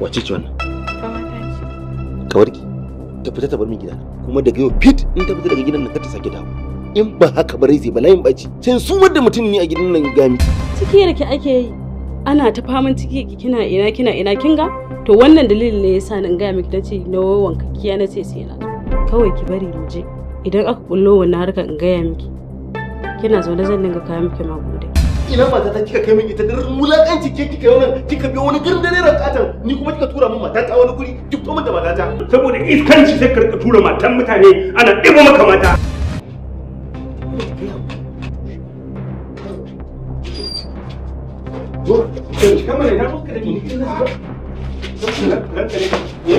wace ce wannan ka warki ta fita ta bar min gidana kuma daga yau fit in ta fita daga gidan nan kar ta sake dawo in ba haka ba rai zai bala'in baci sai su da mutum ne a gidan nan gami ciki yake ake yi ana ta faman ciki kina ina kina ina kin ga to wannan dalilin ne yasa nan ga miki tace na kiya na ce sai na kawai ki bari mu je idan aka kullo wannan harkan in gaya miki kina da zan dinga kawo miki magudai ina mata ta kika kai min ita da wulakanci ke kika yau kika biyo wani garin da ne rakatan ni kuma kika tura min matata wani guri duk to da matata saboda iskanci sai ka rika tura matan mutane ana ɗibo maka mata Kamar ina ka da ni.